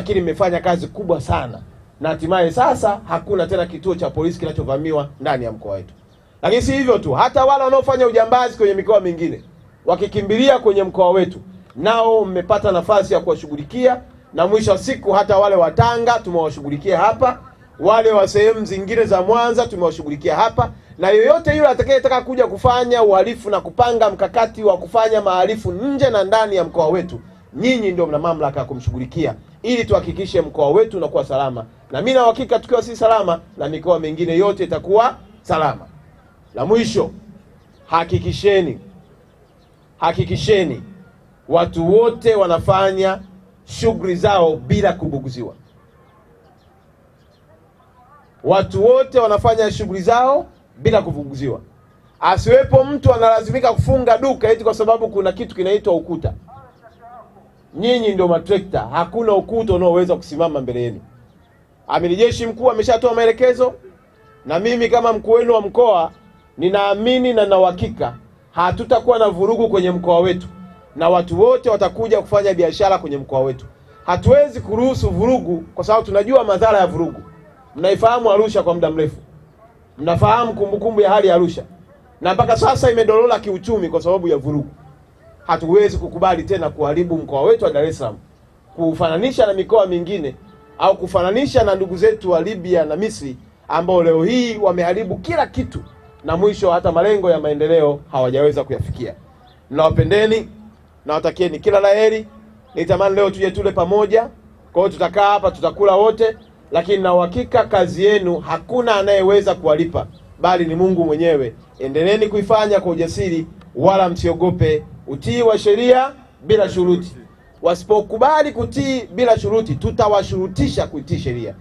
lakini mmefanya kazi kubwa sana, na hatimaye sasa hakuna tena kituo cha polisi kinachovamiwa ndani ya mkoa wetu. Lakini si hivyo tu, hata wale wanaofanya ujambazi kwenye mikoa mingine wakikimbilia kwenye mkoa wetu, nao mmepata nafasi ya kuwashughulikia, na mwisho wa siku hata wale wa Tanga tumewashughulikia hapa, wale wa sehemu zingine za Mwanza tumewashughulikia hapa, na yoyote yule atakayetaka kuja kufanya uhalifu na kupanga mkakati wa kufanya mahalifu nje na ndani ya mkoa wetu, nyinyi ndio mna mamlaka ya kumshughulikia ili tuhakikishe mkoa wetu unakuwa salama, na mimi na uhakika tukiwa si salama, na mikoa mingine yote itakuwa salama. La mwisho, hakikisheni hakikisheni watu wote wanafanya shughuli zao bila kubuguziwa. Watu wote wanafanya shughuli zao bila kubuguziwa. Asiwepo mtu analazimika kufunga duka eti kwa sababu kuna kitu kinaitwa ukuta nyinyi ndio matrekta, hakuna ukuta unaoweza kusimama mbele yenu. Amiri jeshi mkuu ameshatoa maelekezo, na mimi kama mkuu wenu wa mkoa ninaamini na nauhakika hatutakuwa na vurugu kwenye mkoa wetu, na watu wote watakuja kufanya biashara kwenye mkoa wetu. Hatuwezi kuruhusu vurugu, kwa sababu tunajua madhara ya vurugu. Mnaifahamu Arusha kwa muda mrefu, mnafahamu kumbukumbu ya hali ya Arusha, na mpaka sasa imedorola kiuchumi kwa sababu ya vurugu hatuwezi kukubali tena kuharibu mkoa wetu wa Dar es Salaam, kufananisha na mikoa mingine au kufananisha na ndugu zetu wa Libya na Misri ambao leo hii wameharibu kila kitu na mwisho hata malengo ya maendeleo hawajaweza kuyafikia. Nawapendeni, nawatakieni kila laheri Nitamani leo tuje tule pamoja, kwa hiyo tutakaa hapa, tutakula wote, lakini na uhakika kazi yenu hakuna anayeweza kuwalipa, bali ni Mungu mwenyewe. Endeleeni kuifanya kwa ujasiri, wala msiogope utii wa sheria bila shuruti. Wasipokubali kutii bila shuruti, tutawashurutisha kutii sheria.